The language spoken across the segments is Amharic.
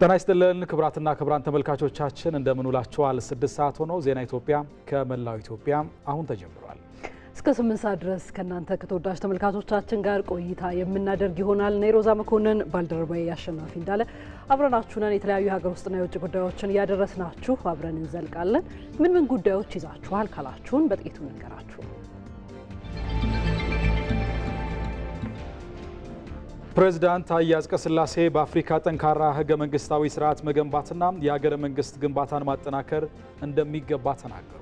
ጤና ይስጥልን ክብራትና ክብራን ተመልካቾቻችን እንደምን ስድስት ሰዓት ሆኖ ዜና ኢትዮጵያ ከመላው ኢትዮጵያ አሁን ተጀምሯል። እስከ ስምንት ሰዓት ድረስ ከእናንተ ከተወዳጅ ተመልካቾቻችን ጋር ቆይታ የምናደርግ ይሆናል። ናይሮዛ መኮንን፣ ባልደረባዬ አሸናፊ እንዳለ አብረናችሁ ነን። የተለያዩ የሀገር ውስጥና የውጭ ጉዳዮችን እያደረስናችሁ አብረን እንዘልቃለን። ምን ምን ጉዳዮች ይዛችኋል ካላችሁን በጥቂቱ እንንገራችሁ። ፕሬዚዳንት ታዬ አጽቀሥላሴ በአፍሪካ ጠንካራ ህገ መንግስታዊ ስርዓት መገንባትና የሀገረ መንግስት ግንባታን ማጠናከር እንደሚገባ ተናገሩ።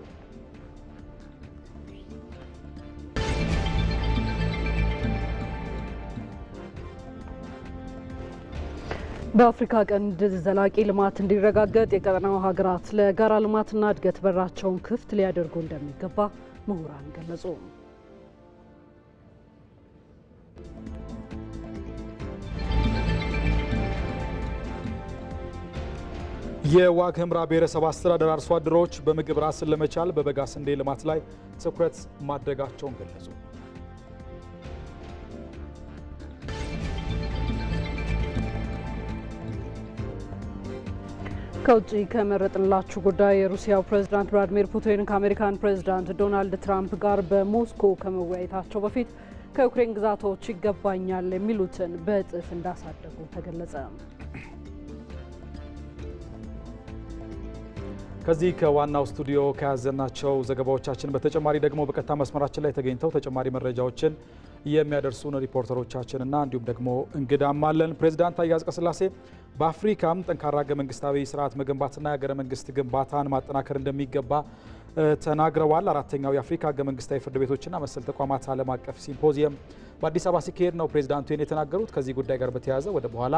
በአፍሪካ ቀንድ ዘላቂ ልማት እንዲረጋገጥ የቀጠናው ሀገራት ለጋራ ልማትና እድገት በራቸውን ክፍት ሊያደርጉ እንደሚገባ ምሁራን ገለጹ። የዋግ ህምራ ብሔረሰብ አስተዳደር አርሶ አደሮች በምግብ ራስን ለመቻል በበጋ ስንዴ ልማት ላይ ትኩረት ማድረጋቸውን ገለጹ። ከውጭ ከመረጥንላችሁ ጉዳይ የሩሲያው ፕሬዝዳንት ቭላዲሚር ፑቲን ከአሜሪካን ፕሬዝዳንት ዶናልድ ትራምፕ ጋር በሞስኮ ከመወያየታቸው በፊት ከዩክሬን ግዛቶች ይገባኛል የሚሉትን በእጥፍ እንዳሳደጉ ተገለጸ። ከዚህ ከዋናው ስቱዲዮ ከያዘናቸው ዘገባዎቻችን በተጨማሪ ደግሞ በቀጥታ መስመራችን ላይ ተገኝተው ተጨማሪ መረጃዎችን የሚያደርሱን ሪፖርተሮቻችንና እንዲሁም ደግሞ እንግዳም አለን። ፕሬዚዳንት ታዬ አጽቀሥላሴ በአፍሪካም ጠንካራ ህገ መንግስታዊ ስርዓት መገንባትና የሀገረ መንግስት ግንባታን ማጠናከር እንደሚገባ ተናግረዋል። አራተኛው የአፍሪካ ህገ መንግስታዊ ፍርድ ቤቶችና መሰል ተቋማት ዓለም አቀፍ ሲምፖዚየም በአዲስ አበባ ሲካሄድ ነው ፕሬዚዳንቱ ይህን የተናገሩት። ከዚህ ጉዳይ ጋር በተያያዘ ወደ በኋላ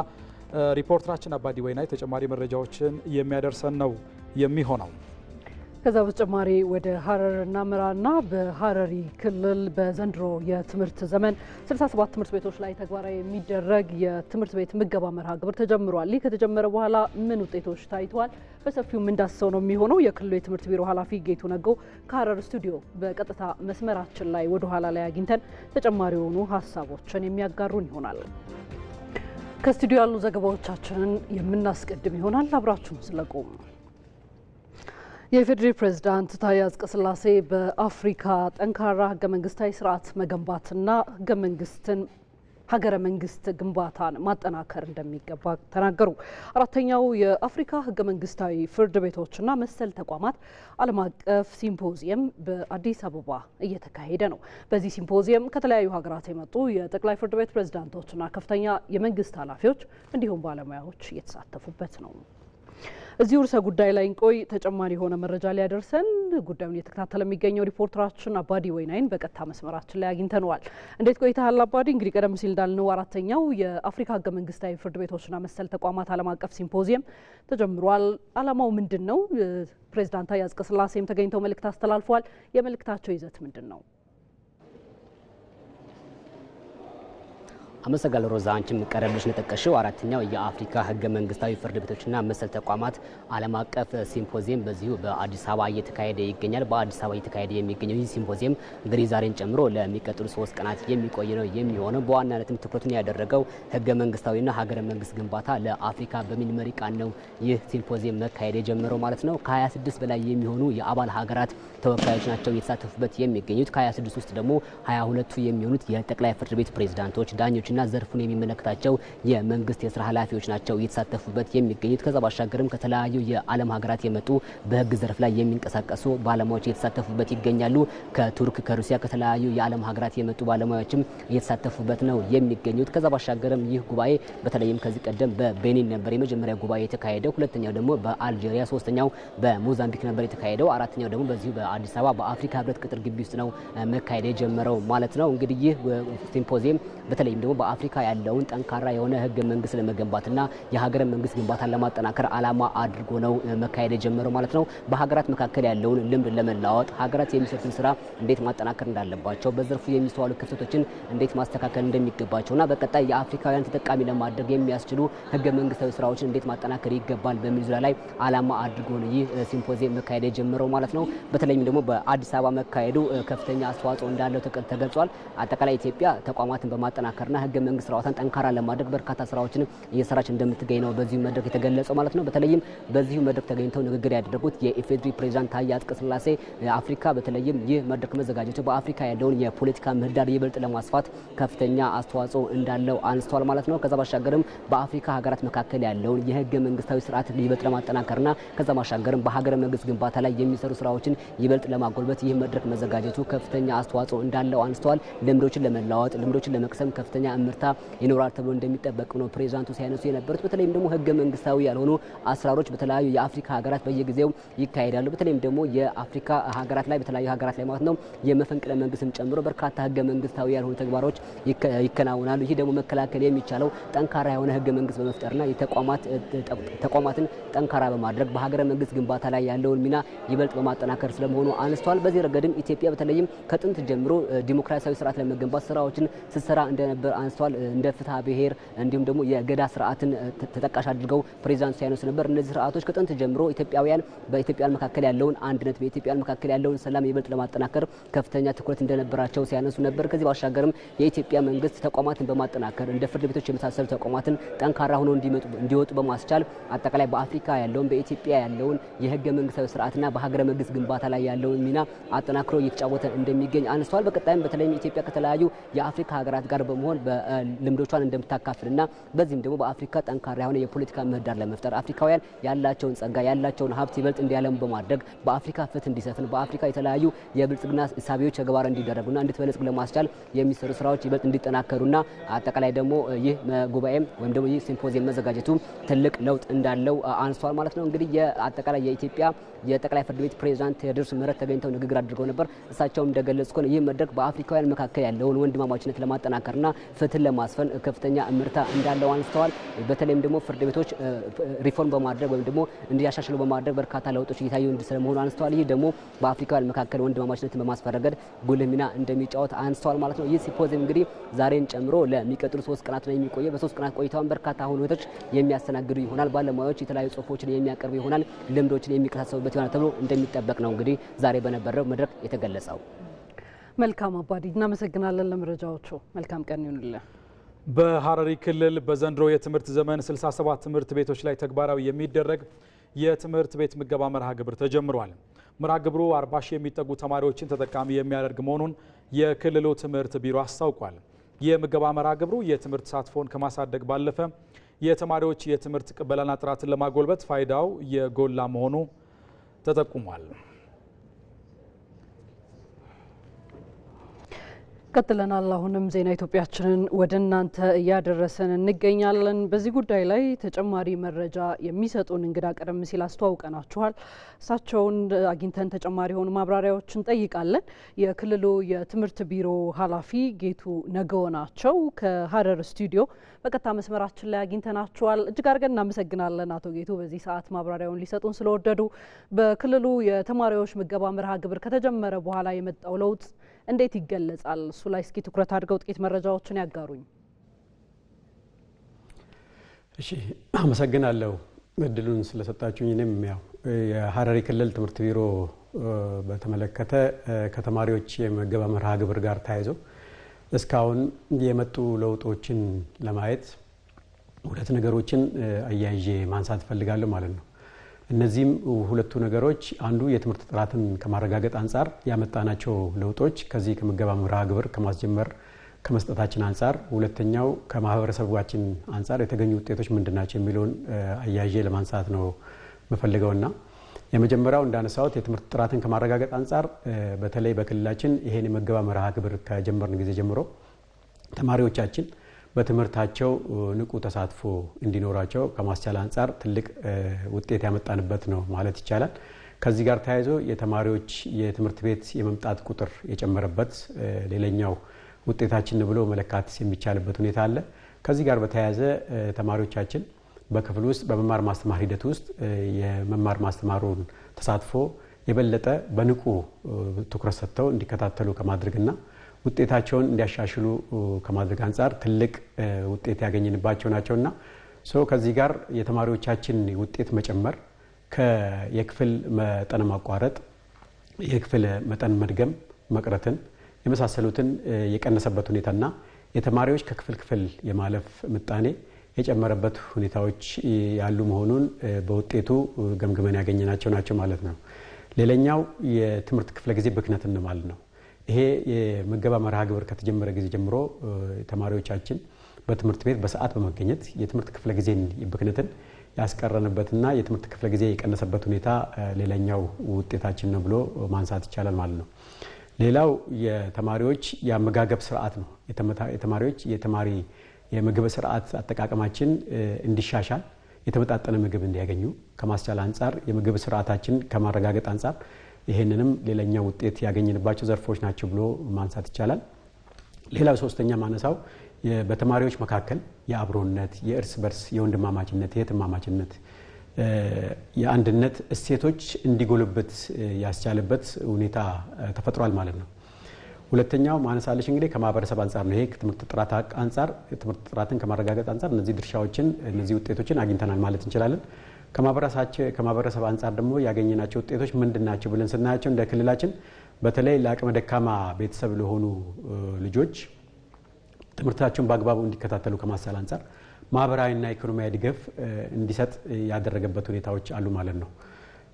ሪፖርተራችን አባዲ ወይናይ ተጨማሪ መረጃዎችን የሚያደርሰን ነው የሚሆነው። ከዛ በተጨማሪ ወደ ሀረር እናምራና በሀረሪ ክልል በዘንድሮ የትምህርት ዘመን 67 ትምህርት ቤቶች ላይ ተግባራዊ የሚደረግ የትምህርት ቤት ምገባ መርሃ ግብር ተጀምሯል። ይህ ከተጀመረ በኋላ ምን ውጤቶች ታይተዋል? በሰፊው የምንዳስሰው ነው የሚሆነው። የክልሉ የትምህርት ቢሮ ኃላፊ ጌቱ ነጎ ከሀረር ስቱዲዮ በቀጥታ መስመራችን ላይ ወደ ኋላ ላይ አግኝተን ተጨማሪ የሆኑ ሀሳቦችን የሚያጋሩን ይሆናል። ከስቱዲዮ ያሉ ዘገባዎቻችንን የምናስቀድም ይሆናል። አብራችሁን ስለቆሙ የኢፌዴሪ ፕሬዝዳንት ታዬ አጽቀሥላሴ በአፍሪካ ጠንካራ ህገ መንግስታዊ ስርዓት መገንባትና ህገ መንግስትን ሀገረ መንግስት ግንባታን ማጠናከር እንደሚገባ ተናገሩ። አራተኛው የአፍሪካ ህገ መንግስታዊ ፍርድ ቤቶችና መሰል ተቋማት ዓለም አቀፍ ሲምፖዚየም በአዲስ አበባ እየተካሄደ ነው። በዚህ ሲምፖዚየም ከተለያዩ ሀገራት የመጡ የጠቅላይ ፍርድ ቤት ፕሬዝዳንቶችና ከፍተኛ የመንግስት ኃላፊዎች እንዲሁም ባለሙያዎች እየተሳተፉበት ነው። እዚሁ ርዕሰ ጉዳይ ላይ እንቆይ። ተጨማሪ የሆነ መረጃ ሊያደርሰን ጉዳዩን እየተከታተለ የሚገኘው ሪፖርተራችን አባዲ ወይናይን በቀጥታ መስመራችን ላይ አግኝተነዋል። እንዴት ቆይተሃል አባዲ? እንግዲህ ቀደም ሲል እንዳልነው አራተኛው የአፍሪካ ህገ መንግስታዊ ፍርድ ቤቶችና መሰል ተቋማት ዓለም አቀፍ ሲምፖዚየም ተጀምሯል። ዓላማው ምንድን ነው? ፕሬዚዳንት ታዬ ተገኝተው መልእክት አስተላልፏል። የመልእክታቸው ይዘት ምንድን ነው? አመሰጋለሁ ሮዛ። አንቺም ቀደም ብለሽ እንደጠቀሽው አራተኛው የአፍሪካ ህገ መንግስታዊ ፍርድ ቤቶችና መሰል ተቋማት ዓለም አቀፍ ሲምፖዚየም በዚሁ በአዲስ አበባ እየተካሄደ ይገኛል። በአዲስ አበባ እየተካሄደ የሚገኘው ይህ ሲምፖዚየም እንግዲህ ዛሬን ጨምሮ ለሚቀጥሉ ሶስት ቀናት የሚቆይ ነው የሚሆነው። በዋናነትም ትኩረቱን ያደረገው ህገ መንግስታዊና ሀገረ መንግስት ግንባታ ለአፍሪካ በሚል መሪ ቃል ነው ይህ ሲምፖዚየም መካሄድ የጀመረው ማለት ነው። ከ26 በላይ የሚሆኑ የአባል ሀገራት ተወካዮች ናቸው እየተሳተፉበት የሚገኙት። ከ26 ውስጥ ደግሞ 22ቱ የሚሆኑት የጠቅላይ ፍርድ ቤት ፕሬዝዳንቶች፣ ዳኞች ኃላፊዎችና ዘርፉን የሚመለከታቸው የመንግስት የስራ ኃላፊዎች ናቸው እየተሳተፉበት የሚገኙት። ከዛ ባሻገርም ከተለያዩ የዓለም ሀገራት የመጡ በህግ ዘርፍ ላይ የሚንቀሳቀሱ ባለሙያዎች እየተሳተፉበት ይገኛሉ። ከቱርክ፣ ከሩሲያ፣ ከተለያዩ የዓለም ሀገራት የመጡ ባለሙያዎችም እየተሳተፉበት ነው የሚገኙት። ከዛ ባሻገርም ይህ ጉባኤ በተለይም ከዚህ ቀደም በቤኒን ነበር የመጀመሪያ ጉባኤ የተካሄደው፣ ሁለተኛው ደግሞ በአልጄሪያ፣ ሶስተኛው በሞዛምቢክ ነበር የተካሄደው፣ አራተኛው ደግሞ በዚሁ በአዲስ አበባ በአፍሪካ ህብረት ቅጥር ግቢ ውስጥ ነው መካሄድ የጀመረው ማለት ነው። እንግዲህ ይህ ሲምፖዚየም በተለይም ደግሞ በአፍሪካ ያለውን ጠንካራ የሆነ ህገ መንግስት ለመገንባትና የሀገረ መንግስት ግንባታን ለማጠናከር አላማ አድርጎ ነው መካሄድ የጀመረው ማለት ነው። በሀገራት መካከል ያለውን ልምድ ለመለዋወጥ ሀገራት የሚሰሩትን ስራ እንዴት ማጠናከር እንዳለባቸው፣ በዘርፉ የሚስተዋሉ ክፍተቶችን እንዴት ማስተካከል እንደሚገባቸውና በቀጣይ የአፍሪካውያን ተጠቃሚ ለማድረግ የሚያስችሉ ህገ መንግስታዊ ስራዎችን እንዴት ማጠናከር ይገባል በሚል ዙሪያ ላይ አላማ አድርጎ ነው ይህ ሲምፖዚየም መካሄድ የጀመረው ማለት ነው። በተለይም ደግሞ በአዲስ አበባ መካሄዱ ከፍተኛ አስተዋጽኦ እንዳለው ተገልጿል። አጠቃላይ ኢትዮጵያ ተቋማትን በማጠናከርና ህገ ህገ መንግስት ስርዓቷን ጠንካራ ለማድረግ በርካታ ስራዎችን እየሰራች እንደምትገኝ ነው በዚሁ መድረክ የተገለጸው ማለት ነው። በተለይም በዚሁ መድረክ ተገኝተው ንግግር ያደረጉት የኢፌድሪ ፕሬዚዳንት ታዬ አጽቀሥላሴ አፍሪካ በተለይም ይህ መድረክ መዘጋጀቱ በአፍሪካ ያለውን የፖለቲካ ምህዳር ይበልጥ ለማስፋት ከፍተኛ አስተዋጽኦ እንዳለው አንስተዋል ማለት ነው። ከዛ ባሻገርም በአፍሪካ ሀገራት መካከል ያለውን የህገ መንግስታዊ ስርዓት ይበልጥ ለማጠናከርና ከዛ ባሻገርም በሀገረ መንግስት ግንባታ ላይ የሚሰሩ ስራዎችን ይበልጥ ለማጎልበት ይህ መድረክ መዘጋጀቱ ከፍተኛ አስተዋጽኦ እንዳለው አንስተዋል። ልምዶችን ለመለዋወጥ ልምዶችን ለመቅሰም ከፍተኛ እምርታ ይኖራል ተብሎ እንደሚጠበቅ ነው ፕሬዚዳንቱ ሲያነሱ የነበሩት። በተለይም ደግሞ ህገ መንግስታዊ ያልሆኑ አሰራሮች በተለያዩ የአፍሪካ ሀገራት በየጊዜው ይካሄዳሉ። በተለይም ደግሞ የአፍሪካ ሀገራት ላይ በተለያዩ ሀገራት ላይ ማለት ነው የመፈንቅለ መንግስትም ጨምሮ በርካታ ህገ መንግስታዊ ያልሆኑ ተግባሮች ይከናወናሉ። ይህ ደግሞ መከላከል የሚቻለው ጠንካራ የሆነ ህገ መንግስት በመፍጠርና ተቋማትን ጠንካራ በማድረግ በሀገረ መንግስት ግንባታ ላይ ያለውን ሚና ይበልጥ በማጠናከር ስለመሆኑ አንስተዋል። በዚህ ረገድም ኢትዮጵያ በተለይም ከጥንት ጀምሮ ዲሞክራሲያዊ ስርዓት ለመገንባት ስራዎችን ስትሰራ እንደነበር አንስተዋል። እንደ ፍትሐ ብሔር እንዲሁም ደግሞ የገዳ ስርዓትን ተጠቃሽ አድርገው ፕሬዚዳንቱ ሲያነሱ ነበር። እነዚህ ስርዓቶች ከጥንት ጀምሮ ኢትዮጵያውያን በኢትዮጵያን መካከል ያለውን አንድነት፣ በኢትዮጵያን መካከል ያለውን ሰላም ይበልጥ ለማጠናከር ከፍተኛ ትኩረት እንደነበራቸው ሲያነሱ ነበር። ከዚህ ባሻገርም የኢትዮጵያ መንግስት ተቋማትን በማጠናከር እንደ ፍርድ ቤቶች የመሳሰሉ ተቋማትን ጠንካራ ሆኖ እንዲወጡ በማስቻል አጠቃላይ በአፍሪካ ያለውን በኢትዮጵያ ያለውን የህገ መንግስታዊ ስርዓትና በሀገረ መንግስት ግንባታ ላይ ያለውን ሚና አጠናክሮ እየተጫወተ እንደሚገኝ አንስተዋል። በቀጣይም በተለይም ኢትዮጵያ ከተለያዩ የአፍሪካ ሀገራት ጋር በመሆን በ ልምዶቿን እንደምታካፍል እና በዚህም ደግሞ በአፍሪካ ጠንካራ የሆነ የፖለቲካ ምህዳር ለመፍጠር አፍሪካውያን ያላቸውን ጸጋ ያላቸውን ሀብት ይበልጥ እንዲያለሙ በማድረግ በአፍሪካ ፍትህ እንዲሰፍን በአፍሪካ የተለያዩ የብልጽግና ሳቢዎች ተግባር እንዲደረጉና እንድትበለጽግ ለማስቻል የሚሰሩ ስራዎች ይበልጥ እንዲጠናከሩና አጠቃላይ ደግሞ ይህ ጉባኤም ወይም ደግሞ ይህ ሲምፖዚየም መዘጋጀቱ ትልቅ ለውጥ እንዳለው አንስቷል ማለት ነው። እንግዲህ የአጠቃላይ የኢትዮጵያ የጠቅላይ ፍርድ ቤት ፕሬዚዳንት ቴዎድሮስ ምህረት ተገኝተው ንግግር አድርገው ነበር። እሳቸውም እንደገለጹ ከሆነ ይህ መድረክ በአፍሪካውያን መካከል ያለውን ወንድማማችነት ለማጠናከርና ፍትህ ለማስፈን ከፍተኛ እምርታ እንዳለው አንስተዋል። በተለይም ደግሞ ፍርድ ቤቶች ሪፎርም በማድረግ ወይም ደግሞ እንዲያሻሽሉ በማድረግ በርካታ ለውጦች እየታዩ ስለመሆኑ አንስተዋል። ይህ ደግሞ በአፍሪካውያን መካከል ወንድማማችነትን በማስፈረገድ ጉልህ ሚና እንደሚጫወት አንስተዋል ማለት ነው። ይህ ሲምፖዚየም እንግዲህ ዛሬን ጨምሮ ለሚቀጥሉ ሶስት ቀናት ነው የሚቆየ። በሶስት ቀናት ቆይታውን በርካታ ሁነቶች የሚያስተናግዱ ይሆናል። ባለሙያዎች የተለያዩ ጽሁፎችን የሚያቀርቡ ይሆናል። ልምዶችን የሚቀሳሰቡበት ይሆናል ተብሎ እንደሚጠበቅ ነው እንግዲህ ዛሬ በነበረው መድረክ የተገለጸው። መልካም አባዲ እናመሰግናለን ለመረጃዎቹ። መልካም ቀን ይሁንልን። በሐረሪ ክልል በዘንድሮ የትምህርት ዘመን 67 ትምህርት ቤቶች ላይ ተግባራዊ የሚደረግ የትምህርት ቤት ምገባ መርሃ ግብር ተጀምሯል። መርሃ ግብሩ 40 ሺህ የሚጠጉ ተማሪዎችን ተጠቃሚ የሚያደርግ መሆኑን የክልሉ ትምህርት ቢሮ አስታውቋል። የምገባ መርሃ ግብሩ የትምህርት ተሳትፎን ከማሳደግ ባለፈ የተማሪዎች የትምህርት ቅበላና ጥራትን ለማጎልበት ፋይዳው የጎላ መሆኑ ተጠቁሟል። ቀጥለናል። አሁንም ዜና ኢትዮጵያችንን ወደ እናንተ እያደረሰን እንገኛለን። በዚህ ጉዳይ ላይ ተጨማሪ መረጃ የሚሰጡን እንግዳ ቀደም ሲል አስተዋውቀናችኋል። እሳቸውን አግኝተን ተጨማሪ የሆኑ ማብራሪያዎችን ጠይቃለን። የክልሉ የትምህርት ቢሮ ኃላፊ ጌቱ ነገዎ ናቸው። ከሀረር ስቱዲዮ በቀጥታ መስመራችን ላይ አግኝተናችኋል። እጅግ አድርገን እናመሰግናለን አቶ ጌቱ በዚህ ሰዓት ማብራሪያውን ሊሰጡን ስለወደዱ። በክልሉ የተማሪዎች ምገባ መርሃ ግብር ከተጀመረ በኋላ የመጣው ለውጥ እንዴት ይገለጻል? እሱ ላይ እስኪ ትኩረት አድርገው ጥቂት መረጃዎችን ያጋሩኝ። እሺ፣ አመሰግናለሁ እድሉን ስለሰጣችሁኝ። እኔም ያው የሀረሪ ክልል ትምህርት ቢሮ በተመለከተ ከተማሪዎች የመገባ መርሃ ግብር ጋር ተያይዞ እስካሁን የመጡ ለውጦችን ለማየት ሁለት ነገሮችን አያይዤ ማንሳት እፈልጋለሁ ማለት ነው። እነዚህም ሁለቱ ነገሮች አንዱ የትምህርት ጥራትን ከማረጋገጥ አንጻር ያመጣናቸው ለውጦች ከዚህ ከምገባ መርሃ ግብር ከማስጀመር ከመስጠታችን አንጻር፣ ሁለተኛው ከማህበረሰባችን አንጻር የተገኙ ውጤቶች ምንድናቸው የሚለውን አያይዤ ለማንሳት ነው የምፈልገውና የመጀመሪያው እንዳነሳሁት የትምህርት ጥራትን ከማረጋገጥ አንጻር በተለይ በክልላችን ይሄን የምገባ መርሃ ግብር ከጀመርን ጊዜ ጀምሮ ተማሪዎቻችን በትምህርታቸው ንቁ ተሳትፎ እንዲኖራቸው ከማስቻል አንጻር ትልቅ ውጤት ያመጣንበት ነው ማለት ይቻላል። ከዚህ ጋር ተያይዞ የተማሪዎች የትምህርት ቤት የመምጣት ቁጥር የጨመረበት ሌላኛው ውጤታችን ብሎ መለካት የሚቻልበት ሁኔታ አለ። ከዚህ ጋር በተያያዘ ተማሪዎቻችን በክፍል ውስጥ በመማር ማስተማር ሂደት ውስጥ የመማር ማስተማሩን ተሳትፎ የበለጠ በንቁ ትኩረት ሰጥተው እንዲከታተሉ ከማድረግና ውጤታቸውን እንዲያሻሽሉ ከማድረግ አንጻር ትልቅ ውጤት ያገኝንባቸው ናቸውና ሰው ከዚህ ጋር የተማሪዎቻችን ውጤት መጨመር የክፍል መጠን ማቋረጥ፣ የክፍል መጠን መድገም መቅረትን የመሳሰሉትን የቀነሰበት ሁኔታና የተማሪዎች ከክፍል ክፍል የማለፍ ምጣኔ የጨመረበት ሁኔታዎች ያሉ መሆኑን በውጤቱ ገምግመን ያገኘናቸው ናቸው ማለት ነው። ሌላኛው የትምህርት ክፍለ ጊዜ ብክነትን ማለት ነው። ይሄ የምገባ መርሃ ግብር ከተጀመረ ጊዜ ጀምሮ ተማሪዎቻችን በትምህርት ቤት በሰዓት በመገኘት የትምህርት ክፍለ ጊዜን ብክነትን ያስቀረንበትና የትምህርት ክፍለ ጊዜ የቀነሰበት ሁኔታ ሌላኛው ውጤታችን ነው ብሎ ማንሳት ይቻላል ማለት ነው። ሌላው የተማሪዎች የአመጋገብ ስርዓት ነው። የተማሪዎች የተማሪ የምግብ ስርዓት አጠቃቀማችን እንዲሻሻል የተመጣጠነ ምግብ እንዲያገኙ ከማስቻል አንጻር የምግብ ስርዓታችን ከማረጋገጥ አንጻር ይህንንም ሌላኛው ውጤት ያገኘንባቸው ዘርፎች ናቸው ብሎ ማንሳት ይቻላል። ሌላው ሶስተኛ ማነሳው በተማሪዎች መካከል የአብሮነት፣ የእርስ በርስ የወንድማማችነት፣ የትማማችነት የአንድነት እሴቶች እንዲጎልበት ያስቻለበት ሁኔታ ተፈጥሯል ማለት ነው። ሁለተኛው ማነሳለሽ እንግዲህ ከማህበረሰብ አንጻር ነው። ይሄ ከትምህርት ጥራት አንጻር ትምህርት ጥራትን ከማረጋገጥ አንጻር እነዚህ ድርሻዎችን እነዚህ ውጤቶችን አግኝተናል ማለት እንችላለን። ከማህበረሰብ አንጻር ደግሞ ያገኘናቸው ውጤቶች ምንድን ናቸው ብለን ስናያቸው እንደ ክልላችን በተለይ ለአቅመ ደካማ ቤተሰብ ለሆኑ ልጆች ትምህርታቸውን በአግባቡ እንዲከታተሉ ከማሰል አንጻር ማህበራዊና ኢኮኖሚያዊ ድጋፍ እንዲሰጥ ያደረገበት ሁኔታዎች አሉ ማለት ነው።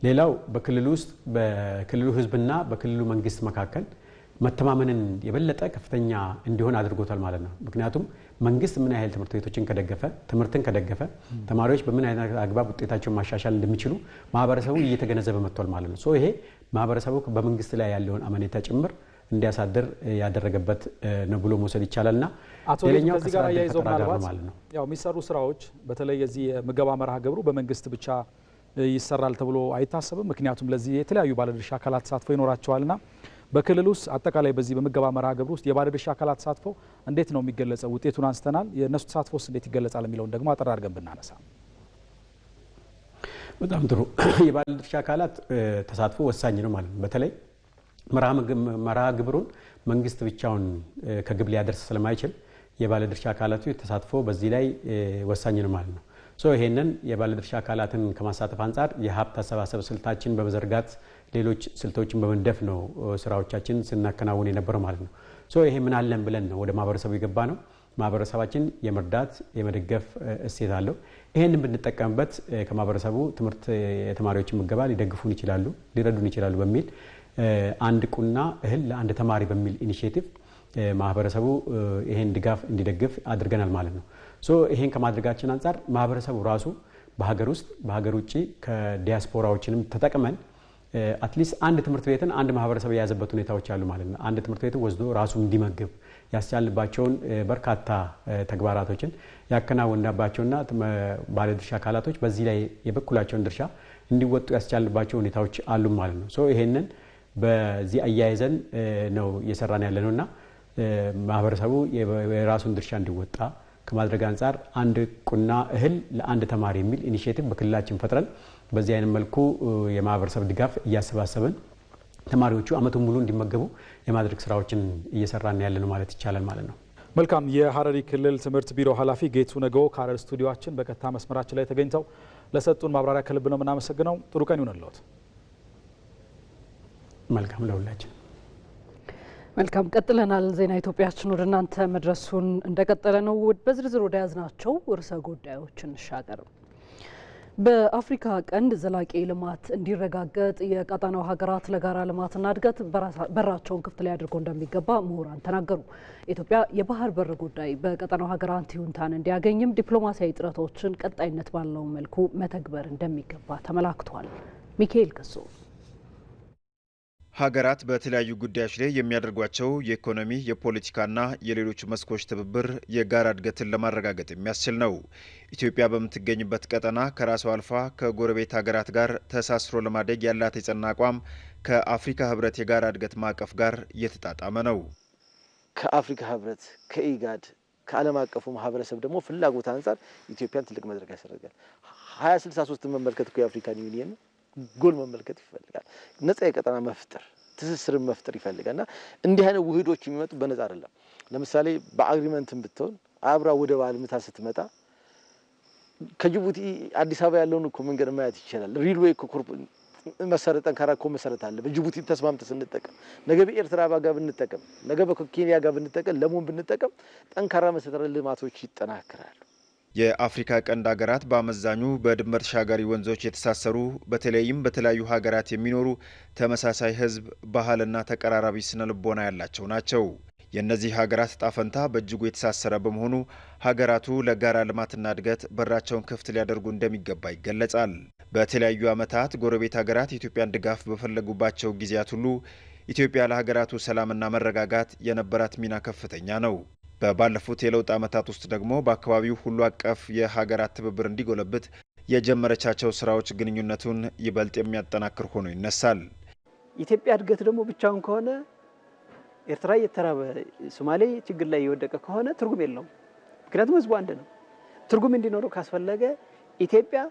ሌላው በክልሉ ውስጥ በክልሉ ህዝብና በክልሉ መንግስት መካከል መተማመንን የበለጠ ከፍተኛ እንዲሆን አድርጎታል ማለት ነው። ምክንያቱም መንግስት ምን ያህል ትምህርት ቤቶችን ከደገፈ፣ ትምህርትን ከደገፈ ተማሪዎች በምን አይነት አግባብ ውጤታቸውን ማሻሻል እንደሚችሉ ማህበረሰቡ እየተገነዘበ መጥቷል ማለት ነው። ይሄ ማህበረሰቡ በመንግስት ላይ ያለውን አመኔታ ጭምር እንዲያሳድር ያደረገበት ነው ብሎ መውሰድ ይቻላል። ና ሌላኛው ከስራ ማለት ነው ያው የሚሰሩ ስራዎች በተለይ የዚህ የምገባ መርሃ ግብሩ በመንግስት ብቻ ይሰራል ተብሎ አይታሰብም። ምክንያቱም ለዚህ የተለያዩ ባለድርሻ አካላት ተሳትፎ ይኖራቸዋልና በክልል ውስጥ አጠቃላይ በዚህ በምገባ መርሃ ግብር ውስጥ የባለድርሻ አካላት ተሳትፎ እንዴት ነው የሚገለጸው? ውጤቱን አንስተናል። የእነሱ ተሳትፎ ውስጥ እንዴት ይገለጻል የሚለውን ደግሞ አጠር አድርገን ብናነሳ በጣም ጥሩ። የባለድርሻ አካላት ተሳትፎ ወሳኝ ነው ማለት ነው። በተለይ መርሃ ግብሩን መንግስት ብቻውን ከግብ ሊያደርስ ስለማይችል የባለድርሻ አካላቱ ተሳትፎ በዚህ ላይ ወሳኝ ነው ማለት ነው። ይሄንን የባለድርሻ አካላትን ከማሳተፍ አንጻር የሀብት አሰባሰብ ስልታችን በመዘርጋት ሌሎች ስልቶችን በመንደፍ ነው ስራዎቻችን ስናከናውን የነበረው ማለት ነው። ይሄ ምን አለን ብለን ነው ወደ ማህበረሰቡ የገባ ነው። ማህበረሰባችን የመርዳት የመደገፍ እሴት አለው። ይህን ብንጠቀምበት ከማህበረሰቡ ትምህርት የተማሪዎችን ምገባ ሊደግፉን ይችላሉ፣ ሊረዱን ይችላሉ በሚል አንድ ቁና እህል ለአንድ ተማሪ በሚል ኢኒሽቲቭ ማህበረሰቡ ይሄን ድጋፍ እንዲደግፍ አድርገናል ማለት ነው። ሶ ይሄን ከማድረጋችን አንጻር ማህበረሰቡ ራሱ በሀገር ውስጥ በሀገር ውጭ ከዲያስፖራዎችንም ተጠቅመን አትሊስት አንድ ትምህርት ቤትን አንድ ማህበረሰብ የያዘበት ሁኔታዎች አሉ ማለት ነው። አንድ ትምህርት ቤትን ወስዶ ራሱ እንዲመግብ ያስቻልባቸውን በርካታ ተግባራቶችን ያከናወናባቸውና ባለድርሻ አካላቶች በዚህ ላይ የበኩላቸውን ድርሻ እንዲወጡ ያስቻልባቸው ሁኔታዎች አሉ ማለት ነው። ይሄንን በዚህ አያይዘን ነው እየሰራን ያለ ነውና ማህበረሰቡ የራሱን ድርሻ እንዲወጣ ከማድረግ አንጻር አንድ ቁና እህል ለአንድ ተማሪ የሚል ኢኒሽቲቭ በክልላችን ፈጥረን በዚህ አይነት መልኩ የማህበረሰብ ድጋፍ እያሰባሰብን ተማሪዎቹ አመቱን ሙሉ እንዲመገቡ የማድረግ ስራዎችን እየሰራን ያለነው ማለት ይቻላል ማለት ነው። መልካም። የሀረሪ ክልል ትምህርት ቢሮ ኃላፊ ጌቱ ነገው ከሀረር ስቱዲዮችን በቀጥታ መስመራችን ላይ ተገኝተው ለሰጡን ማብራሪያ ከልብ ነው የምናመሰግነው። ጥሩ ቀን ይሁንልዎት። መልካም ለሁላችን። መልካም ቀጥለናል። ዜና ኢትዮጵያችን ወደ እናንተ መድረሱን እንደቀጠለ ነው። በዝርዝር ወደ ያዝናቸው ርዕሰ ጉዳዮች እንሻገር። በአፍሪካ ቀንድ ዘላቂ ልማት እንዲረጋገጥ የቀጠናው ሀገራት ለጋራ ልማትና እድገት በራቸውን ክፍት ላይ አድርጎ እንደሚገባ ምሁራን ተናገሩ። ኢትዮጵያ የባህር በር ጉዳይ በቀጠናው ሀገራት ይሁንታን እንዲያገኝም ዲፕሎማሲያዊ ጥረቶችን ቀጣይነት ባለው መልኩ መተግበር እንደሚገባ ተመላክቷል። ሚካኤል ክሶ ሀገራት በተለያዩ ጉዳዮች ላይ የሚያደርጓቸው የኢኮኖሚ የፖለቲካና የሌሎች መስኮች ትብብር የጋራ እድገትን ለማረጋገጥ የሚያስችል ነው። ኢትዮጵያ በምትገኝበት ቀጠና ከራሷ አልፋ ከጎረቤት ሀገራት ጋር ተሳስሮ ለማደግ ያላት የጸና አቋም ከአፍሪካ ህብረት የጋራ እድገት ማዕቀፍ ጋር እየተጣጣመ ነው። ከአፍሪካ ህብረት፣ ከኢጋድ ከዓለም አቀፉ ማህበረሰብ ደግሞ ፍላጎት አንጻር ኢትዮጵያን ትልቅ መድረክ ያስደርጋል። ሀያ ስልሳ ሶስት መመልከት እኮ የአፍሪካን ዩኒየን ጎል መመልከት ይፈልጋል። ነጻ የቀጠና መፍጠር ትስስርን መፍጠር ይፈልጋል እና እንዲህ አይነት ውህዶች የሚመጡ በነጻ አይደለም። ለምሳሌ በአግሪመንትን ብትሆን አብራ ወደ ባልምታ ስትመጣ ከጅቡቲ አዲስ አበባ ያለውን እኮ መንገድ ማየት ይችላል። ሪልዌይ እኮ መሰረት ጠንካራ እኮ መሰረት አለ። በጅቡቲ ተስማምተ ስንጠቀም ነገ በኤርትራ ጋር ብንጠቀም ነገ በኬንያ ጋር ብንጠቀም ለሞን ብንጠቀም ጠንካራ መሰረተ ልማቶች ይጠናክራሉ። የአፍሪካ ቀንድ ሀገራት በአመዛኙ በድንበር ተሻጋሪ ወንዞች የተሳሰሩ በተለይም በተለያዩ ሀገራት የሚኖሩ ተመሳሳይ ህዝብ ባህልና ተቀራራቢ ስነ ልቦና ያላቸው ናቸው። የእነዚህ ሀገራት ጣፈንታ በእጅጉ የተሳሰረ በመሆኑ ሀገራቱ ለጋራ ልማትና እድገት በራቸውን ክፍት ሊያደርጉ እንደሚገባ ይገለጻል። በተለያዩ ዓመታት ጎረቤት ሀገራት የኢትዮጵያን ድጋፍ በፈለጉባቸው ጊዜያት ሁሉ ኢትዮጵያ ለሀገራቱ ሰላምና መረጋጋት የነበራት ሚና ከፍተኛ ነው። በባለፉት የለውጥ ዓመታት ውስጥ ደግሞ በአካባቢው ሁሉ አቀፍ የሀገራት ትብብር እንዲጎለብት የጀመረቻቸው ስራዎች ግንኙነቱን ይበልጥ የሚያጠናክር ሆኖ ይነሳል። ኢትዮጵያ እድገት ደግሞ ብቻውን ከሆነ ኤርትራ እየተራበ ሶማሌ ችግር ላይ የወደቀ ከሆነ ትርጉም የለውም። ምክንያቱም ህዝቡ አንድ ነው። ትርጉም እንዲኖረው ካስፈለገ ኢትዮጵያ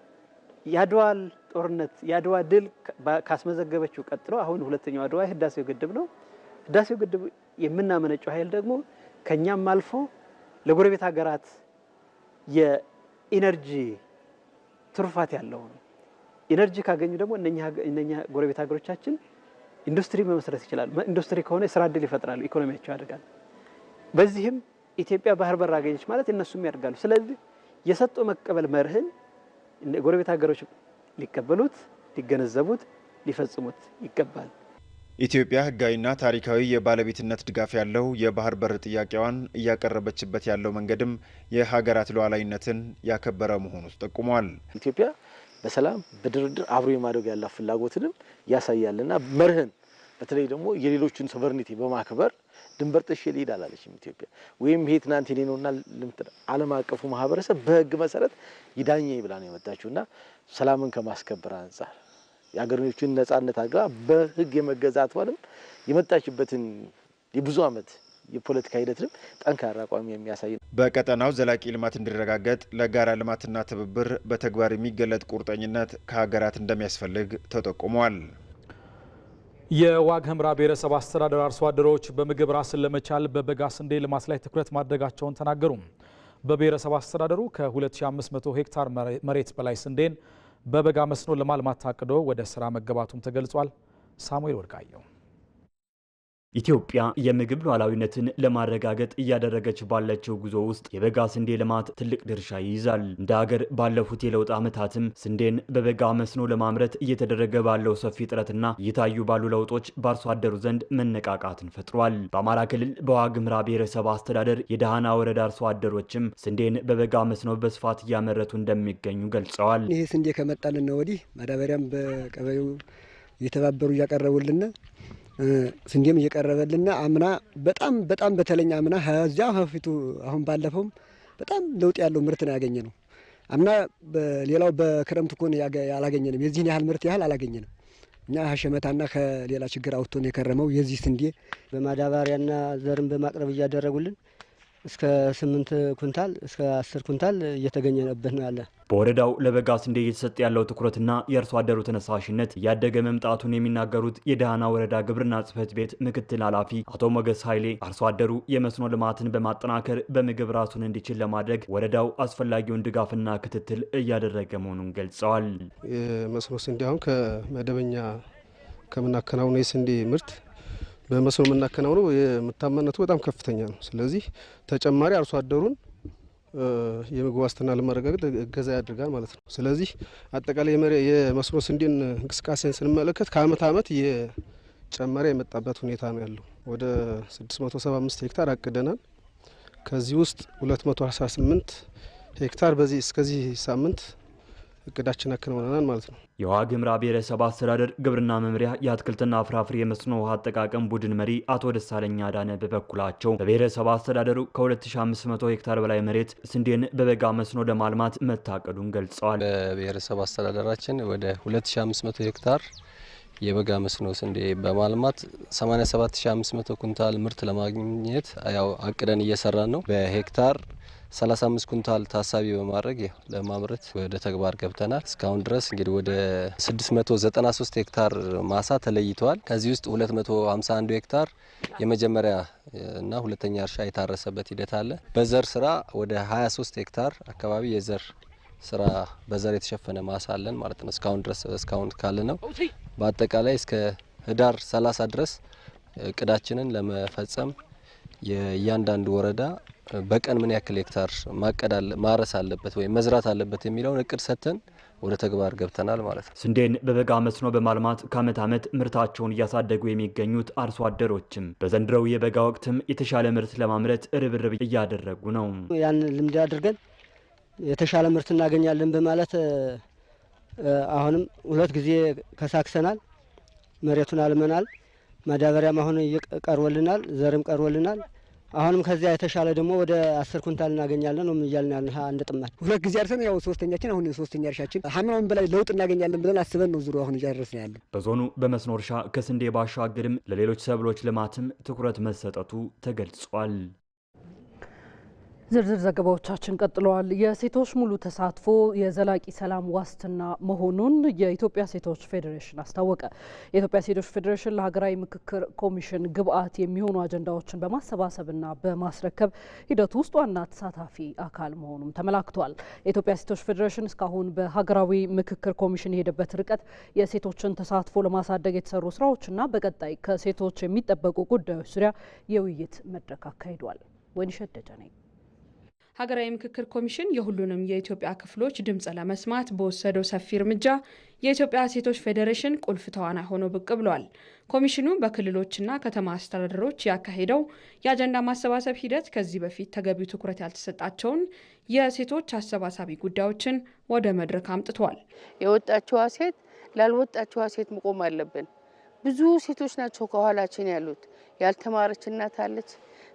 የአድዋል ጦርነት የአድዋ ድል ካስመዘገበችው ቀጥሎ አሁን ሁለተኛው አድዋ ህዳሴው ግድብ ነው። ህዳሴው ግድብ የምናመነጨው ኃይል ደግሞ ከኛም አልፎ ለጎረቤት ሀገራት የኢነርጂ ትሩፋት ያለው ነው። ኢነርጂ ካገኙ ደግሞ እነኛ ጎረቤት ሀገሮቻችን ኢንዱስትሪ መመስረት ይችላሉ። ኢንዱስትሪ ከሆነ የስራ እድል ይፈጥራሉ፣ ኢኮኖሚያቸው ያደርጋል። በዚህም ኢትዮጵያ ባህር በር አገኘች ማለት እነሱም ያደርጋሉ። ስለዚህ የሰጥቶ መቀበል መርህን ጎረቤት ሀገሮች ሊቀበሉት፣ ሊገነዘቡት፣ ሊፈጽሙት ይገባል። ኢትዮጵያ ህጋዊና ታሪካዊ የባለቤትነት ድጋፍ ያለው የባህር በር ጥያቄዋን እያቀረበችበት ያለው መንገድም የሀገራት ሉዓላዊነትን ያከበረ መሆኑ ጠቁሟል። ኢትዮጵያ በሰላም በድርድር አብሮ የማደግ ያላት ፍላጎትንም ያሳያልና መርህን በተለይ ደግሞ የሌሎችን ሶቨርኒቲ በማክበር ድንበር ጥሼ ልሄድ አላለችም ኢትዮጵያ። ወይም ይሄ ትናንት የኔ ነውና ልምት ዓለም አቀፉ ማህበረሰብ በህግ መሰረት ይዳኘኝ ብላ ነው የመጣችውና ሰላምን ከማስከበር አንጻር የአገርኞቹን ነጻነት አግባ በህግ የመገዛት ሆንም የመጣችበትን የብዙ ዓመት የፖለቲካ ሂደትንም ጠንካራ አቋም የሚያሳይ ነው። በቀጠናው ዘላቂ ልማት እንዲረጋገጥ ለጋራ ልማትና ትብብር በተግባር የሚገለጥ ቁርጠኝነት ከሀገራት እንደሚያስፈልግ ተጠቁሟል። የዋግ ህምራ ብሔረሰብ አስተዳደር አርሶ አደሮች በምግብ ራስን ለመቻል በበጋ ስንዴ ልማት ላይ ትኩረት ማድረጋቸውን ተናገሩ። በብሔረሰብ አስተዳደሩ ከ2500 ሄክታር መሬት በላይ ስንዴን በበጋ መስኖ ለማልማት ታቅዶ ወደ ስራ መገባቱም ተገልጿል። ሳሙኤል ወርቃየው ኢትዮጵያ የምግብ ሉዓላዊነትን ለማረጋገጥ እያደረገች ባለችው ጉዞ ውስጥ የበጋ ስንዴ ልማት ትልቅ ድርሻ ይይዛል። እንደ ሀገር ባለፉት የለውጥ ዓመታትም ስንዴን በበጋ መስኖ ለማምረት እየተደረገ ባለው ሰፊ ጥረትና እየታዩ ባሉ ለውጦች በአርሶ አደሩ ዘንድ መነቃቃትን ፈጥሯል። በአማራ ክልል በዋግ ኽምራ ብሔረሰብ አስተዳደር የደሃና ወረዳ አርሶ አደሮችም ስንዴን በበጋ መስኖ በስፋት እያመረቱ እንደሚገኙ ገልጸዋል። ይህ ስንዴ ከመጣልን ወዲህ ማዳበሪያም በቀበሌው እየተባበሩ እያቀረቡልን ስንዴም እየቀረበልና አምና በጣም በጣም በተለኝ አምና ከዚያ ከፊቱ አሁን ባለፈውም በጣም ለውጥ ያለው ምርት ነው ያገኘ ነው። አምና ሌላው በክረምት እኮ አላገኘንም፣ የዚህን ያህል ምርት ያህል አላገኘንም። እኛ ከሸመታና ከሌላ ችግር አውጥቶን የከረመው የዚህ ስንዴ በማዳበሪያና ዘርን በማቅረብ እያደረጉልን እስከ ስምንት ኩንታል እስከ አስር ኩንታል እየተገኘበት ነው ያለ። በወረዳው ለበጋ ስንዴ እየተሰጠ ያለው ትኩረትና የአርሶ አደሩ ተነሳሽነት እያደገ መምጣቱን የሚናገሩት የደህና ወረዳ ግብርና ጽሕፈት ቤት ምክትል ኃላፊ አቶ ሞገስ ኃይሌ አርሶ አደሩ የመስኖ ልማትን በማጠናከር በምግብ ራሱን እንዲችል ለማድረግ ወረዳው አስፈላጊውን ድጋፍና ክትትል እያደረገ መሆኑን ገልጸዋል። የመስኖ ስንዴ አሁን ከመደበኛ ከምናከናውነው የስንዴ ምርት በመስኖ የምናከናውነው የምርታማነቱ በጣም ከፍተኛ ነው። ስለዚህ ተጨማሪ አርሶ አደሩን የምግብ ዋስትና ለማረጋገጥ እገዛ ያደርጋል ማለት ነው። ስለዚህ አጠቃላይ የመስኖ ስንዴን እንቅስቃሴን ስንመለከት ከአመት አመት የጨመረ የመጣበት ሁኔታ ነው ያለው። ወደ 675 ሄክታር አቅደናል። ከዚህ ውስጥ 218 ሄክታር በዚህ እስከዚህ ሳምንት እቅዳችን አከናውነናል ማለት ነው። የዋግ ኽምራ ብሔረሰብ አስተዳደር ግብርና መምሪያ የአትክልትና ፍራፍሬ የመስኖ ውሃ አጠቃቀም ቡድን መሪ አቶ ደሳለኛ አዳነ በበኩላቸው በብሔረሰብ አስተዳደሩ ከ2500 ሄክታር በላይ መሬት ስንዴን በበጋ መስኖ ለማልማት መታቀዱን ገልጸዋል። በብሔረሰብ አስተዳደራችን ወደ 2500 ሄክታር የበጋ መስኖ ስንዴ በማልማት 87500 ኩንታል ምርት ለማግኘት ያው አቅደን እየሰራን ነው በሄክታር 35 ኩንታል ታሳቢ በማድረግ ለማምረት ወደ ተግባር ገብተናል። እስካሁን ድረስ እንግዲህ ወደ 693 ሄክታር ማሳ ተለይተዋል። ከዚህ ውስጥ 251 ሄክታር የመጀመሪያ እና ሁለተኛ እርሻ የታረሰበት ሂደት አለ። በዘር ስራ ወደ 23 ሄክታር አካባቢ የዘር ስራ በዘር የተሸፈነ ማሳ አለን ማለት ነው። እስካሁን ድረስ እስካሁን ካለ ነው። በአጠቃላይ እስከ ህዳር 30 ድረስ እቅዳችንን ለመፈጸም የእያንዳንዱ ወረዳ በቀን ምን ያክል ሄክታር ማቀዳል ማረስ አለበት ወይም መዝራት አለበት የሚለውን እቅድ ሰጥተን ወደ ተግባር ገብተናል ማለት ነው። ስንዴን በበጋ መስኖ በማልማት ከዓመት ዓመት ምርታቸውን እያሳደጉ የሚገኙት አርሶ አደሮችም በዘንድሮው የበጋ ወቅትም የተሻለ ምርት ለማምረት ርብርብ እያደረጉ ነው። ያን ልምድ አድርገን የተሻለ ምርት እናገኛለን በማለት አሁንም ሁለት ጊዜ ከሳክሰናል፣ መሬቱን አልመናል። ማዳበሪያም አሁን ቀርቦልናል፣ ዘርም ቀርቦልናል። አሁንም ከዚያ የተሻለ ደግሞ ወደ አስር ኩንታል እናገኛለን ነው እያልን አንድ ጥማት ሁለት ጊዜ አርሰን ያው ሶስተኛችን አሁን ሶስተኛ እርሻችን ሀምናውን በላይ ለውጥ እናገኛለን ብለን አስበን ነው ዙሮ አሁን እያደረስን ያለ። በዞኑ በመስኖ እርሻ ከስንዴ ባሻገርም ለሌሎች ሰብሎች ልማትም ትኩረት መሰጠቱ ተገልጿል። ዝርዝር ዘገባዎቻችን ቀጥለዋል። የሴቶች ሙሉ ተሳትፎ የዘላቂ ሰላም ዋስትና መሆኑን የኢትዮጵያ ሴቶች ፌዴሬሽን አስታወቀ። የኢትዮጵያ ሴቶች ፌዴሬሽን ለሀገራዊ ምክክር ኮሚሽን ግብዓት የሚሆኑ አጀንዳዎችን በማሰባሰብና በማስረከብ ሂደቱ ውስጥ ዋና ተሳታፊ አካል መሆኑም ተመላክቷል። የኢትዮጵያ ሴቶች ፌዴሬሽን እስካሁን በሀገራዊ ምክክር ኮሚሽን የሄደበት ርቀት፣ የሴቶችን ተሳትፎ ለማሳደግ የተሰሩ ስራዎችና በቀጣይ ከሴቶች የሚጠበቁ ጉዳዮች ዙሪያ የውይይት መድረክ አካሂዷል። ወይንሸት ደጀኔ ሀገራዊ ምክክር ኮሚሽን የሁሉንም የኢትዮጵያ ክፍሎች ድምፅ ለመስማት በወሰደው ሰፊ እርምጃ የኢትዮጵያ ሴቶች ፌዴሬሽን ቁልፍ ተዋናይ ሆኖ ብቅ ብሏል። ኮሚሽኑ በክልሎችና ከተማ አስተዳደሮች ያካሄደው የአጀንዳ ማሰባሰብ ሂደት ከዚህ በፊት ተገቢው ትኩረት ያልተሰጣቸውን የሴቶች አሰባሳቢ ጉዳዮችን ወደ መድረክ አምጥቷል። የወጣችዋ ሴት ላልወጣችዋ ሴት መቆም አለብን። ብዙ ሴቶች ናቸው ከኋላችን ያሉት። ያልተማረች እናት አለች፣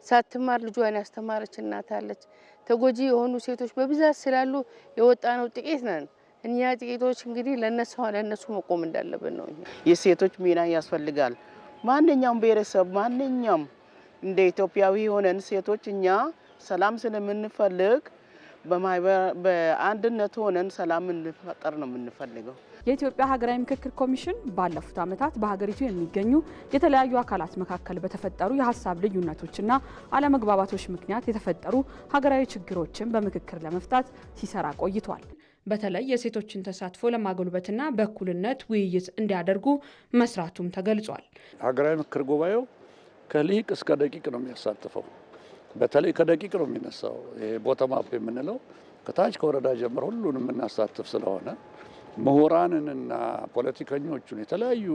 ሳትማር ልጇን ያስተማረች እናት አለች፣ ተጎጂ የሆኑ ሴቶች በብዛት ስላሉ የወጣ ነው ጥቂት ነን። እኛ ጥቂቶች እንግዲህ ለነሱ ለነሱ መቆም እንዳለብን ነው። የሴቶች ሚና ያስፈልጋል። ማንኛውም ብሔረሰብ ማንኛውም እንደ ኢትዮጵያዊ የሆነን ሴቶች እኛ ሰላም ስለምንፈልግ በአንድነት ሆነን ሰላም እንፈጠር ነው የምንፈልገው። የኢትዮጵያ ሀገራዊ ምክክር ኮሚሽን ባለፉት ዓመታት በሀገሪቱ የሚገኙ የተለያዩ አካላት መካከል በተፈጠሩ የሀሳብ ልዩነቶችና አለመግባባቶች ምክንያት የተፈጠሩ ሀገራዊ ችግሮችን በምክክር ለመፍታት ሲሰራ ቆይቷል። በተለይ የሴቶችን ተሳትፎ ለማጎልበትና በእኩልነት ውይይት እንዲያደርጉ መስራቱም ተገልጿል። ሀገራዊ ምክክር ጉባኤው ከሊቅ እስከ ደቂቅ ነው የሚያሳትፈው። በተለይ ከደቂቅ ነው የሚነሳው። ቦተም የምንለው ከታች ከወረዳ ጀምሮ ሁሉንም የምናሳትፍ ስለሆነ ምሁራንንና ፖለቲከኞቹን የተለያዩ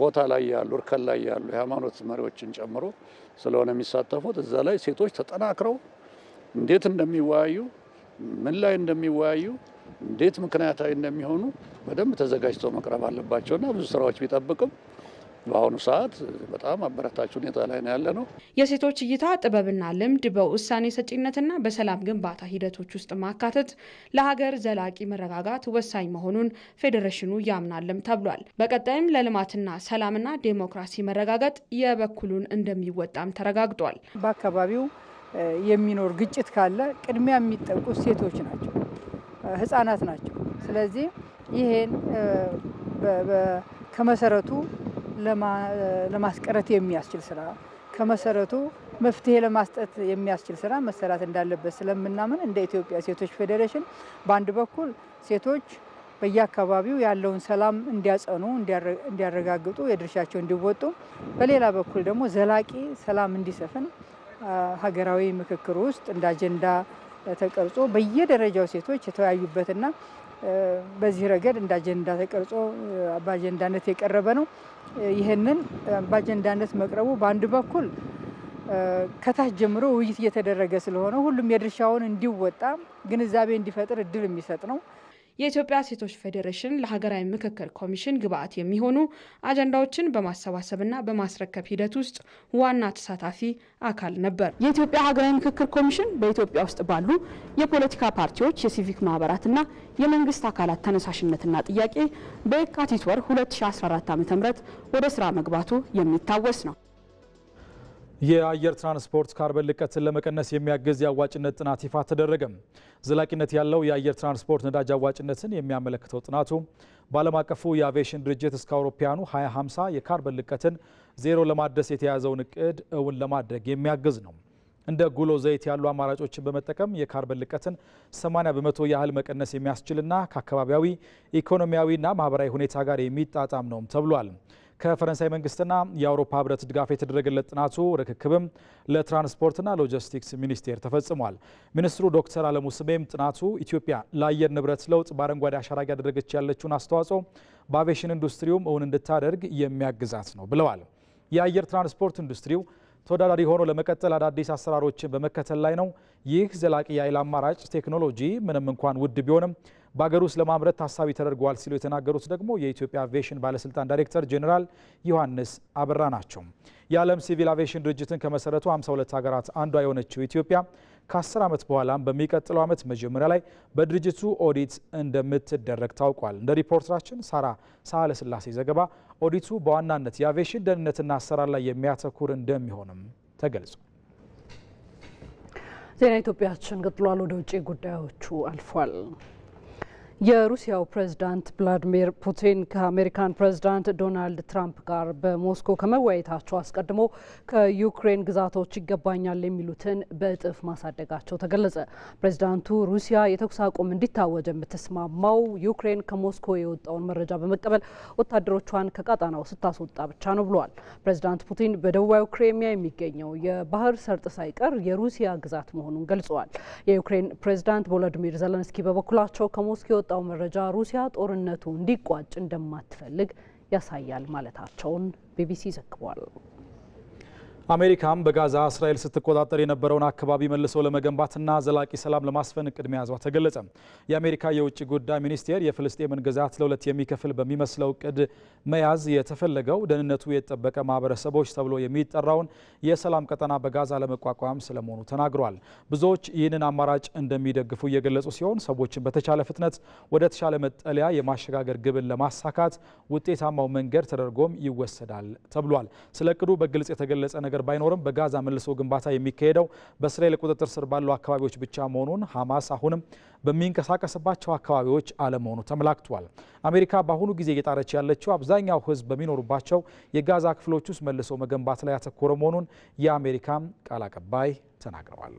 ቦታ ላይ ያሉ እርከን ላይ ያሉ የሃይማኖት መሪዎችን ጨምሮ ስለሆነ የሚሳተፉት እዛ ላይ ሴቶች ተጠናክረው እንዴት እንደሚወያዩ ምን ላይ እንደሚወያዩ እንዴት ምክንያታዊ እንደሚሆኑ በደንብ ተዘጋጅተው መቅረብ አለባቸውና ብዙ ስራዎች ቢጠብቅም በአሁኑ ሰዓት በጣም አበረታች ሁኔታ ላይ ነው ያለ ነው። የሴቶች እይታ ጥበብና ልምድ በውሳኔ ሰጪነትና በሰላም ግንባታ ሂደቶች ውስጥ ማካተት ለሀገር ዘላቂ መረጋጋት ወሳኝ መሆኑን ፌዴሬሽኑ ያምናልም ተብሏል። በቀጣይም ለልማትና ሰላምና ዴሞክራሲ መረጋገጥ የበኩሉን እንደሚወጣም ተረጋግጧል። በአካባቢው የሚኖር ግጭት ካለ ቅድሚያ የሚጠቁ ሴቶች ናቸው፣ ህጻናት ናቸው። ስለዚህ ይሄን ከመሰረቱ ለማስቀረት የሚያስችል ስራ ከመሰረቱ መፍትሄ ለማስጠት የሚያስችል ስራ መሰራት እንዳለበት ስለምናምን እንደ ኢትዮጵያ ሴቶች ፌዴሬሽን በአንድ በኩል ሴቶች በየአካባቢው ያለውን ሰላም እንዲያጸኑ እንዲያረጋግጡ የድርሻቸው እንዲወጡ፣ በሌላ በኩል ደግሞ ዘላቂ ሰላም እንዲሰፍን ሀገራዊ ምክክር ውስጥ እንደ አጀንዳ ተቀርጾ በየደረጃው ሴቶች የተወያዩበትና በዚህ ረገድ እንደ አጀንዳ ተቀርጾ በአጀንዳነት የቀረበ ነው። ይህንን በአጀንዳነት መቅረቡ በአንድ በኩል ከታች ጀምሮ ውይይት እየተደረገ ስለሆነ ሁሉም የድርሻውን እንዲወጣ ግንዛቤ እንዲፈጥር እድል የሚሰጥ ነው። የኢትዮጵያ ሴቶች ፌዴሬሽን ለሀገራዊ ምክክር ኮሚሽን ግብዓት የሚሆኑ አጀንዳዎችን በማሰባሰብና በማስረከብ ሂደት ውስጥ ዋና ተሳታፊ አካል ነበር። የኢትዮጵያ ሀገራዊ ምክክር ኮሚሽን በኢትዮጵያ ውስጥ ባሉ የፖለቲካ ፓርቲዎች፣ የሲቪክ ማህበራትና የመንግስት አካላት ተነሳሽነትና ጥያቄ በየካቲት ወር 2014 ዓ.ም ወደ ስራ መግባቱ የሚታወስ ነው። የአየር ትራንስፖርት ካርበን ልቀትን ለመቀነስ የሚያግዝ የአዋጭነት ጥናት ይፋ ተደረገም ዘላቂነት ያለው የአየር ትራንስፖርት ነዳጅ አዋጭነትን የሚያመለክተው ጥናቱ በዓለም አቀፉ የአቪዬሽን ድርጅት እስከ አውሮፓውያኑ 2050 የካርበን ልቀትን ዜሮ ለማድረስ የተያዘውን እቅድ እውን ለማድረግ የሚያግዝ ነው። እንደ ጉሎ ዘይት ያሉ አማራጮችን በመጠቀም የካርበን ልቀትን 80 በመቶ ያህል መቀነስ የሚያስችልና ከአካባቢያዊ ኢኮኖሚያዊና ማህበራዊ ሁኔታ ጋር የሚጣጣም ነውም ተብሏል። ከፈረንሳይ መንግስትና የአውሮፓ ህብረት ድጋፍ የተደረገለት ጥናቱ ርክክብም ለትራንስፖርትና ሎጂስቲክስ ሚኒስቴር ተፈጽሟል። ሚኒስትሩ ዶክተር አለሙ ስሜም ጥናቱ ኢትዮጵያ ለአየር ንብረት ለውጥ በአረንጓዴ አሻራ እያደረገች ያለችውን አስተዋጽኦ በአቬሽን ኢንዱስትሪውም እውን እንድታደርግ የሚያግዛት ነው ብለዋል። የአየር ትራንስፖርት ኢንዱስትሪው ተወዳዳሪ ሆኖ ለመቀጠል አዳዲስ አሰራሮችን በመከተል ላይ ነው። ይህ ዘላቂ የኃይል አማራጭ ቴክኖሎጂ ምንም እንኳን ውድ ቢሆንም በሀገር ውስጥ ለማምረት ታሳቢ ተደርገዋል ሲሉ የተናገሩት ደግሞ የኢትዮጵያ አቪዬሽን ባለስልጣን ዳይሬክተር ጄኔራል ዮሐንስ አበራ ናቸው። የዓለም ሲቪል አቪዬሽን ድርጅትን ከመሰረቱ 52 ሀገራት አንዷ የሆነችው ኢትዮጵያ ከ10 ዓመት በኋላም በሚቀጥለው ዓመት መጀመሪያ ላይ በድርጅቱ ኦዲት እንደምትደረግ ታውቋል። እንደ ሪፖርተራችን ሳራ ሳህለስላሴ ዘገባ ኦዲቱ በዋናነት የአቪዬሽን ደህንነትና አሰራር ላይ የሚያተኩር እንደሚሆንም ተገልጿል። ዜና ኢትዮጵያችን ቀጥሏል። ወደ ውጭ ጉዳዮቹ አልፏል። የሩሲያው ፕሬዝዳንት ቭላዲሚር ፑቲን ከአሜሪካን ፕሬዝዳንት ዶናልድ ትራምፕ ጋር በሞስኮ ከመወያየታቸው አስቀድሞ ከዩክሬን ግዛቶች ይገባኛል የሚሉትን በእጥፍ ማሳደጋቸው ተገለጸ። ፕሬዝዳንቱ ሩሲያ የተኩስ አቁም እንዲታወጅ የምትስማማው ዩክሬን ከሞስኮ የወጣውን መረጃ በመቀበል ወታደሮቿን ከቀጣናው ስታስወጣ ብቻ ነው ብለዋል። ፕሬዝዳንት ፑቲን በደቡባዊ ክሬሚያ የሚገኘው የባህር ሰርጥ ሳይቀር የሩሲያ ግዛት መሆኑን ገልጸዋል። የዩክሬን ፕሬዝዳንት ቮሎዲሚር ዘለንስኪ በበኩላቸው ከሞስኮ የወጣው መረጃ ሩሲያ ጦርነቱ እንዲቋጭ እንደማትፈልግ ያሳያል ማለታቸውን ቢቢሲ ዘግቧል። አሜሪካም በጋዛ እስራኤል ስትቆጣጠር የነበረውን አካባቢ መልሶ ለመገንባትና ዘላቂ ሰላም ለማስፈን እቅድ መያዟ ተገለጸ። የአሜሪካ የውጭ ጉዳይ ሚኒስቴር የፍልስጤምን ግዛት ለሁለት የሚከፍል በሚመስለው እቅድ መያዝ የተፈለገው ደህንነቱ የተጠበቀ ማህበረሰቦች ተብሎ የሚጠራውን የሰላም ቀጠና በጋዛ ለመቋቋም ስለመሆኑ ተናግሯል። ብዙዎች ይህንን አማራጭ እንደሚደግፉ እየገለጹ ሲሆን ሰዎችን በተቻለ ፍጥነት ወደ ተሻለ መጠለያ የማሸጋገር ግብን ለማሳካት ውጤታማው መንገድ ተደርጎም ይወሰዳል ተብሏል። ስለ እቅዱ በግልጽ የተገለጸ ነገር ነገር ባይኖርም በጋዛ መልሶ ግንባታ የሚካሄደው በእስራኤል ቁጥጥር ስር ባሉ አካባቢዎች ብቻ መሆኑን ሐማስ አሁንም በሚንቀሳቀስባቸው አካባቢዎች አለመሆኑ ተመላክቷል። አሜሪካ በአሁኑ ጊዜ እየጣረች ያለችው አብዛኛው ሕዝብ በሚኖሩባቸው የጋዛ ክፍሎች ውስጥ መልሶ መገንባት ላይ ያተኮረ መሆኑን የአሜሪካም ቃል አቀባይ ተናግረዋል።